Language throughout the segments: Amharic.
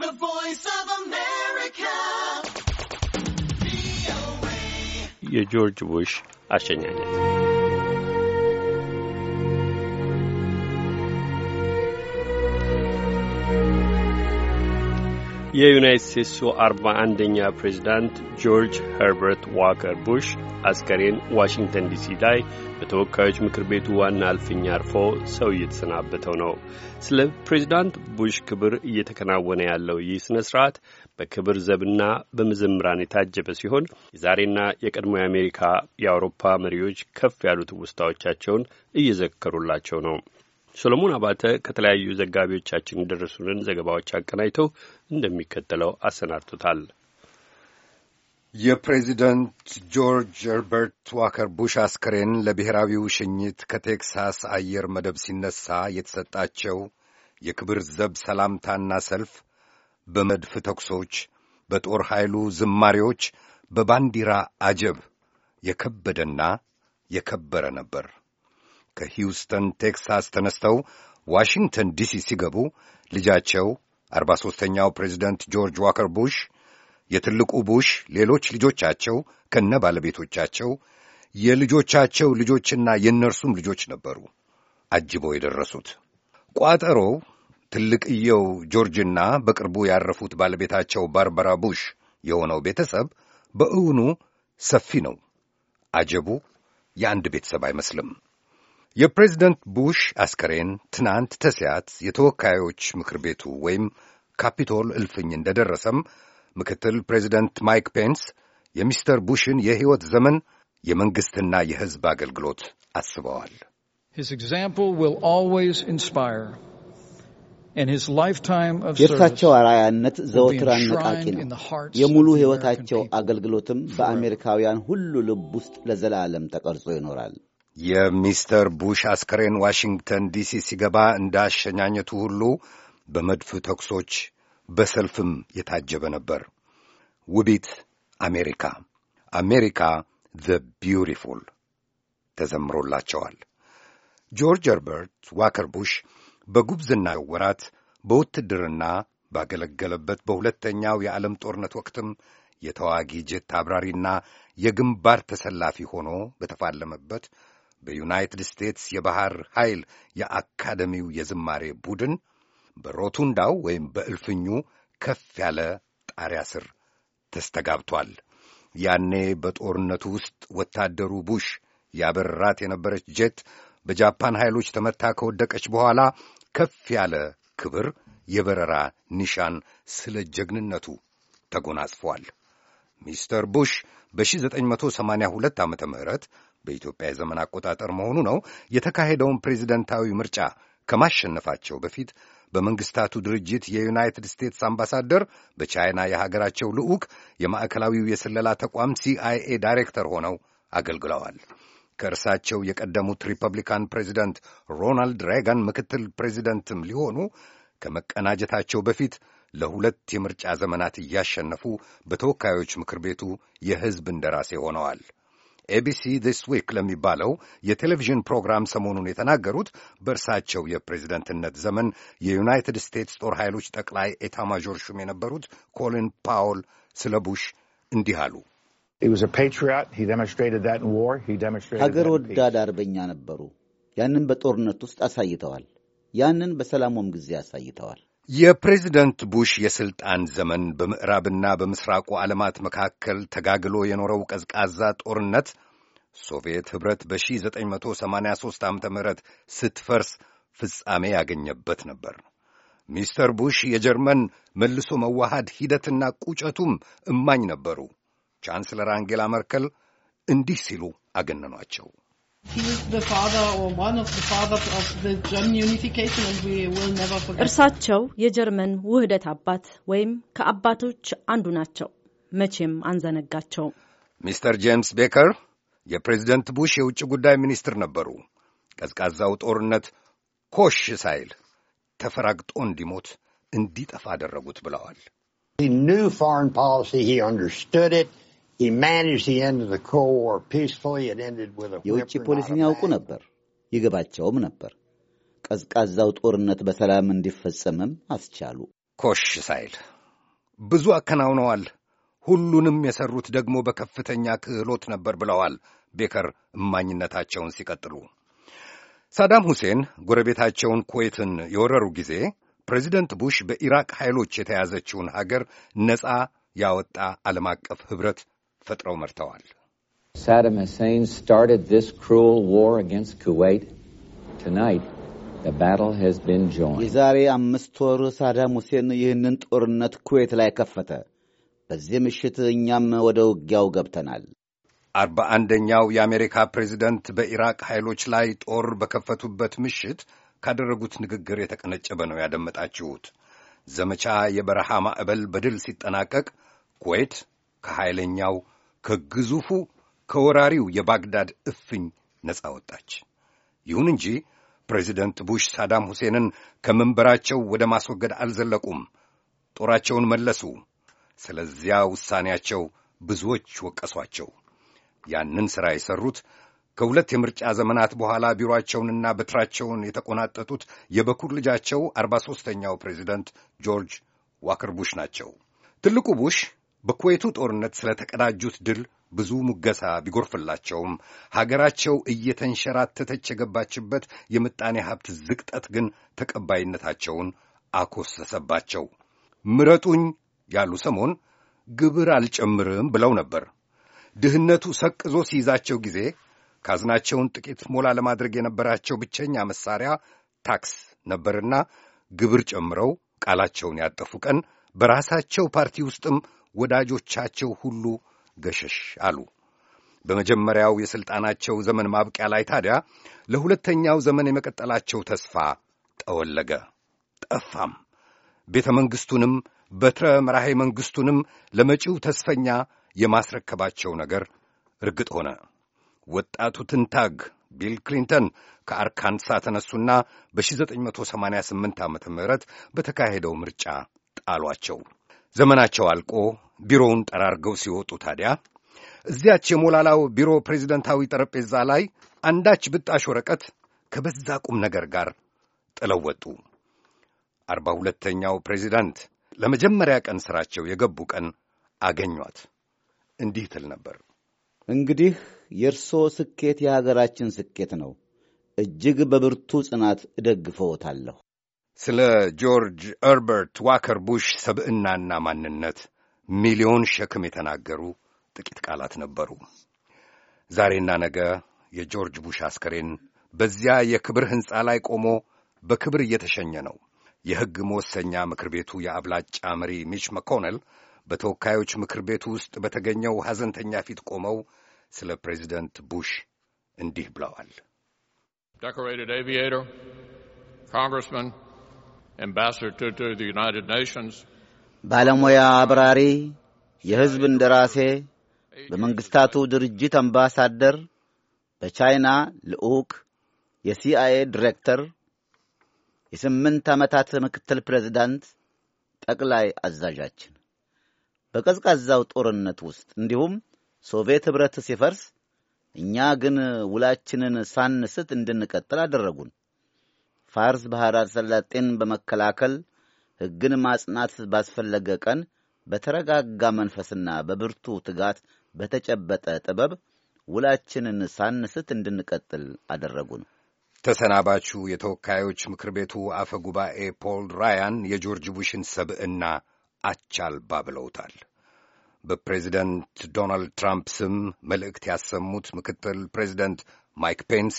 The voice of America. VOA. George Bush, Ashanyanya. የዩናይት ስቴትሱ አርባ አንደኛ ፕሬዚዳንት ጆርጅ ኸርበርት ዋከር ቡሽ አስከሬን ዋሽንግተን ዲሲ ላይ በተወካዮች ምክር ቤቱ ዋና አልፍኝ አርፎ ሰው እየተሰናበተው ነው። ስለ ፕሬዚዳንት ቡሽ ክብር እየተከናወነ ያለው ይህ ሥነ ሥርዓት በክብር ዘብና በመዘምራን የታጀበ ሲሆን የዛሬና የቀድሞ የአሜሪካ የአውሮፓ መሪዎች ከፍ ያሉት ውስታዎቻቸውን እየዘከሩላቸው ነው። ሰሎሞን አባተ ከተለያዩ ዘጋቢዎቻችን የደረሱንን ዘገባዎች አቀናጅተው እንደሚከተለው አሰናድቶታል። የፕሬዚደንት ጆርጅ ሄርበርት ዋከር ቡሽ አስከሬን ለብሔራዊው ሽኝት ከቴክሳስ አየር መደብ ሲነሳ የተሰጣቸው የክብር ዘብ ሰላምታና ሰልፍ በመድፍ ተኩሶች፣ በጦር ኃይሉ ዝማሬዎች፣ በባንዲራ አጀብ የከበደና የከበረ ነበር። ከሂውስተን ቴክሳስ ተነስተው ዋሽንግተን ዲሲ ሲገቡ ልጃቸው አርባ ሦስተኛው ፕሬዚደንት ጆርጅ ዋከር ቡሽ፣ የትልቁ ቡሽ ሌሎች ልጆቻቸው ከነ ባለቤቶቻቸው፣ የልጆቻቸው ልጆችና የእነርሱም ልጆች ነበሩ አጅበው የደረሱት። ቋጠሮው ትልቅየው ጆርጅና በቅርቡ ያረፉት ባለቤታቸው ባርበራ ቡሽ የሆነው ቤተሰብ በእውኑ ሰፊ ነው። አጀቡ የአንድ ቤተሰብ አይመስልም። የፕሬዚደንት ቡሽ አስከሬን ትናንት ተስያት የተወካዮች ምክር ቤቱ ወይም ካፒቶል እልፍኝ እንደደረሰም ምክትል ፕሬዚደንት ማይክ ፔንስ የሚስተር ቡሽን የሕይወት ዘመን የመንግሥትና የሕዝብ አገልግሎት አስበዋል። የእርሳቸው አራያነት ዘወትር አነቃቂ ነው። የሙሉ ሕይወታቸው አገልግሎትም በአሜሪካውያን ሁሉ ልብ ውስጥ ለዘላለም ተቀርጾ ይኖራል። የሚስተር ቡሽ አስከሬን ዋሽንግተን ዲሲ ሲገባ እንዳሸኛኘቱ ሁሉ በመድፍ ተኩሶች በሰልፍም የታጀበ ነበር። ውቢት አሜሪካ አሜሪካ ዘ ቢዩቲፉል ተዘምሮላቸዋል። ጆርጅ ኸርበርት ዋከር ቡሽ በጉብዝና ወራት በውትድርና ባገለገለበት በሁለተኛው የዓለም ጦርነት ወቅትም የተዋጊ ጄት አብራሪና የግንባር ተሰላፊ ሆኖ በተፋለመበት በዩናይትድ ስቴትስ የባህር ኃይል የአካደሚው የዝማሬ ቡድን በሮቱንዳው ወይም በእልፍኙ ከፍ ያለ ጣሪያ ስር ተስተጋብቷል። ያኔ በጦርነቱ ውስጥ ወታደሩ ቡሽ ያበረራት የነበረች ጄት በጃፓን ኃይሎች ተመታ ከወደቀች በኋላ ከፍ ያለ ክብር የበረራ ኒሻን ስለ ጀግንነቱ ተጎናጽፏል። ሚስተር ቡሽ በ1982 ዓ ም በኢትዮጵያ የዘመን አቆጣጠር መሆኑ ነው የተካሄደውን ፕሬዚደንታዊ ምርጫ ከማሸነፋቸው በፊት በመንግስታቱ ድርጅት የዩናይትድ ስቴትስ አምባሳደር በቻይና የሀገራቸው ልዑክ የማዕከላዊው የስለላ ተቋም ሲአይኤ ዳይሬክተር ሆነው አገልግለዋል። ከእርሳቸው የቀደሙት ሪፐብሊካን ፕሬዚደንት ሮናልድ ሬጋን ምክትል ፕሬዚደንትም ሊሆኑ ከመቀናጀታቸው በፊት ለሁለት የምርጫ ዘመናት እያሸነፉ በተወካዮች ምክር ቤቱ የሕዝብ እንደራሴ ሆነዋል። ኤቢሲ ዲስ ዊክ ለሚባለው የቴሌቪዥን ፕሮግራም ሰሞኑን የተናገሩት በእርሳቸው የፕሬዝደንትነት ዘመን የዩናይትድ ስቴትስ ጦር ኃይሎች ጠቅላይ ማዦር ሹም የነበሩት ኮሊን ፓውል ስለ ቡሽ እንዲህ አሉ። ሀገር ወዳድ አርበኛ ነበሩ። ያንን በጦርነት ውስጥ አሳይተዋል። ያንን በሰላሙም ጊዜ አሳይተዋል። የፕሬዚደንት ቡሽ የሥልጣን ዘመን በምዕራብና በምሥራቁ ዓለማት መካከል ተጋግሎ የኖረው ቀዝቃዛ ጦርነት ሶቪየት ኅብረት በ1983 ዓ ም ስትፈርስ ፍጻሜ ያገኘበት ነበር። ሚስተር ቡሽ የጀርመን መልሶ መዋሃድ ሂደትና ቁጨቱም እማኝ ነበሩ። ቻንስለር አንጌላ መርከል እንዲህ ሲሉ አገነኗቸው። እርሳቸው የጀርመን ውህደት አባት ወይም ከአባቶች አንዱ ናቸው። መቼም አንዘነጋቸው ሚስተር ጄምስ ቤከር የፕሬዚደንት ቡሽ የውጭ ጉዳይ ሚኒስትር ነበሩ። ቀዝቃዛው ጦርነት ኮሽ ሳይል ተፈራግጦ እንዲሞት እንዲጠፋ አደረጉት ብለዋል። የውጭ ፖሊሲን ያውቁ ነበር፣ ይገባቸውም ነበር። ቀዝቃዛው ጦርነት በሰላም እንዲፈጸምም አስቻሉ። ኮሽ ሳይል ብዙ አከናውነዋል። ሁሉንም የሰሩት ደግሞ በከፍተኛ ክህሎት ነበር ብለዋል ቤከር እማኝነታቸውን ሲቀጥሉ። ሳዳም ሁሴን ጎረቤታቸውን ኩዌትን የወረሩ ጊዜ ፕሬዚደንት ቡሽ በኢራቅ ኃይሎች የተያዘችውን ሀገር ነፃ ያወጣ ዓለም አቀፍ ኅብረት ፈጥረው መርተዋል። ሳዳም ሁሴን started this cruel war against Kuwait. Tonight, የዛሬ አምስት ወር ሳዳም ሁሴን ይህንን ጦርነት ኩዌት ላይ ከፈተ። በዚህ ምሽት እኛም ወደ ውጊያው ገብተናል። አርባ አንደኛው የአሜሪካ ፕሬዚደንት በኢራቅ ኃይሎች ላይ ጦር በከፈቱበት ምሽት ካደረጉት ንግግር የተቀነጨበ ነው ያደመጣችሁት። ዘመቻ የበረሃ ማዕበል በድል ሲጠናቀቅ ኩዌት ከኃይለኛው ከግዙፉ ከወራሪው የባግዳድ እፍኝ ነጻ ወጣች። ይሁን እንጂ ፕሬዚደንት ቡሽ ሳዳም ሁሴንን ከመንበራቸው ወደ ማስወገድ አልዘለቁም። ጦራቸውን መለሱ። ስለዚያ ውሳኔያቸው ብዙዎች ወቀሷቸው። ያንን ሥራ የሠሩት ከሁለት የምርጫ ዘመናት በኋላ ቢሮአቸውንና በትራቸውን የተቆናጠጡት የበኩር ልጃቸው አርባ ሦስተኛው ፕሬዚደንት ጆርጅ ዋከር ቡሽ ናቸው። ትልቁ ቡሽ በኩዌቱ ጦርነት ስለተቀዳጁት ድል ብዙ ሙገሳ ቢጎርፍላቸውም ሀገራቸው እየተንሸራተተች የገባችበት የምጣኔ ሀብት ዝቅጠት ግን ተቀባይነታቸውን አኮሰሰባቸው። ምረጡኝ ያሉ ሰሞን ግብር አልጨምርም ብለው ነበር። ድህነቱ ሰቅዞ ሲይዛቸው ጊዜ ካዝናቸውን ጥቂት ሞላ ለማድረግ የነበራቸው ብቸኛ መሳሪያ ታክስ ነበርና ግብር ጨምረው ቃላቸውን ያጠፉ ቀን በራሳቸው ፓርቲ ውስጥም ወዳጆቻቸው ሁሉ ገሸሽ አሉ። በመጀመሪያው የሥልጣናቸው ዘመን ማብቂያ ላይ ታዲያ ለሁለተኛው ዘመን የመቀጠላቸው ተስፋ ጠወለገ፣ ጠፋም። ቤተ መንግሥቱንም በትረ መራሄ መንግሥቱንም ለመጪው ተስፈኛ የማስረከባቸው ነገር እርግጥ ሆነ። ወጣቱ ትንታግ ቢል ክሊንተን ከአርካንሳ ተነሱና በ1988 ዓ ም በተካሄደው ምርጫ ጣሏቸው። ዘመናቸው አልቆ ቢሮውን ጠራርገው ሲወጡ ታዲያ እዚያች የሞላላው ቢሮ ፕሬዚደንታዊ ጠረጴዛ ላይ አንዳች ብጣሽ ወረቀት ከበዛ ቁም ነገር ጋር ጥለው ወጡ። አርባ ሁለተኛው ፕሬዚዳንት ለመጀመሪያ ቀን ሥራቸው የገቡ ቀን አገኟት። እንዲህ ትል ነበር። እንግዲህ የእርሶ ስኬት የሀገራችን ስኬት ነው። እጅግ በብርቱ ጽናት እደግፈዎታለሁ። ስለ ጆርጅ ኸርበርት ዋከር ቡሽ ሰብዕናና ማንነት ሚሊዮን ሸክም የተናገሩ ጥቂት ቃላት ነበሩ። ዛሬና ነገ የጆርጅ ቡሽ አስከሬን በዚያ የክብር ሕንፃ ላይ ቆሞ በክብር እየተሸኘ ነው። የሕግ መወሰኛ ምክር ቤቱ የአብላጫ መሪ ሚች መኮነል በተወካዮች ምክር ቤቱ ውስጥ በተገኘው ሐዘንተኛ ፊት ቆመው ስለ ፕሬዚደንት ቡሽ እንዲህ ብለዋል። ambassador to the United Nations ባለሙያ አብራሪ፣ የሕዝብ እንደራሴ፣ በመንግስታቱ ድርጅት አምባሳደር፣ በቻይና ልዑክ፣ የሲአይኤ ዲሬክተር፣ የስምንት ዓመታት ምክትል ፕሬዚዳንት፣ ጠቅላይ አዛዣችን በቀዝቃዛው ጦርነት ውስጥ እንዲሁም ሶቪየት ኅብረት ሲፈርስ እኛ ግን ውላችንን ሳንስት እንድንቀጥል አደረጉን። ፋርስ ባሕረ ሰላጤን በመከላከል ሕግን ማጽናት ባስፈለገ ቀን በተረጋጋ መንፈስና በብርቱ ትጋት በተጨበጠ ጥበብ ውላችንን ሳንስት እንድንቀጥል አደረጉን። ተሰናባቹ የተወካዮች ምክር ቤቱ አፈ ጉባኤ ፖል ራያን የጆርጅ ቡሽን ሰብዕና አቻልባ ብለውታል። በፕሬዚደንት ዶናልድ ትራምፕ ስም መልእክት ያሰሙት ምክትል ፕሬዚደንት ማይክ ፔንስ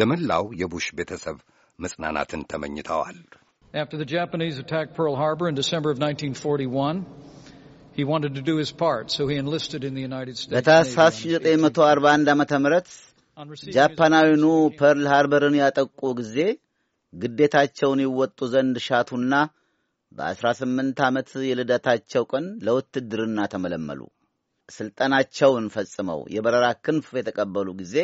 ለመላው የቡሽ ቤተሰብ መጽናናትን ተመኝተዋል። After the Japanese attacked Pearl Harbor in December of 1941, he wanted to do his part, so he enlisted in the United States. በታህሳስ 1941 ዓመተ ምህረት ጃፓናዊኑ ፐርል ሃርበርን ያጠቁ ጊዜ ግዴታቸውን ይወጡ ዘንድ ሻቱና በ18 ዓመት የልደታቸው ቀን ለውትድርና ተመለመሉ። ስልጠናቸውን ፈጽመው የበረራ ክንፍ የተቀበሉ ጊዜ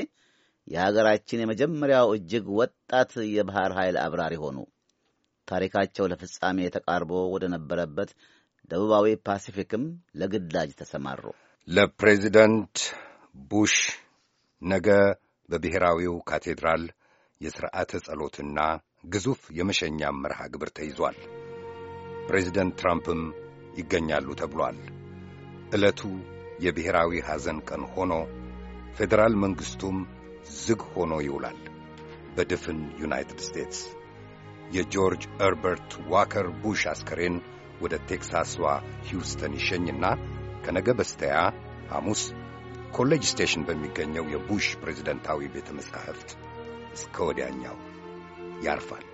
የሀገራችን የመጀመሪያው እጅግ ወጣት የባህር ኃይል አብራሪ ሆኑ። ታሪካቸው ለፍጻሜ የተቃርቦ ወደ ነበረበት ደቡባዊ ፓሲፊክም ለግዳጅ ተሰማሩ። ለፕሬዚደንት ቡሽ ነገ በብሔራዊው ካቴድራል የሥርዓተ ጸሎትና ግዙፍ የመሸኛ መርሃ ግብር ተይዟል። ፕሬዚደንት ትራምፕም ይገኛሉ ተብሏል። ዕለቱ የብሔራዊ ሐዘን ቀን ሆኖ ፌዴራል መንግሥቱም ዝግ ሆኖ ይውላል። በድፍን ዩናይትድ ስቴትስ የጆርጅ እርበርት ዋከር ቡሽ አስከሬን ወደ ቴክሳስዋ ሂውስተን ይሸኝና ከነገ በስተያ ሐሙስ ኮሌጅ ስቴሽን በሚገኘው የቡሽ ፕሬዝደንታዊ ቤተ መጻሕፍት እስከ ወዲያኛው ያርፋል።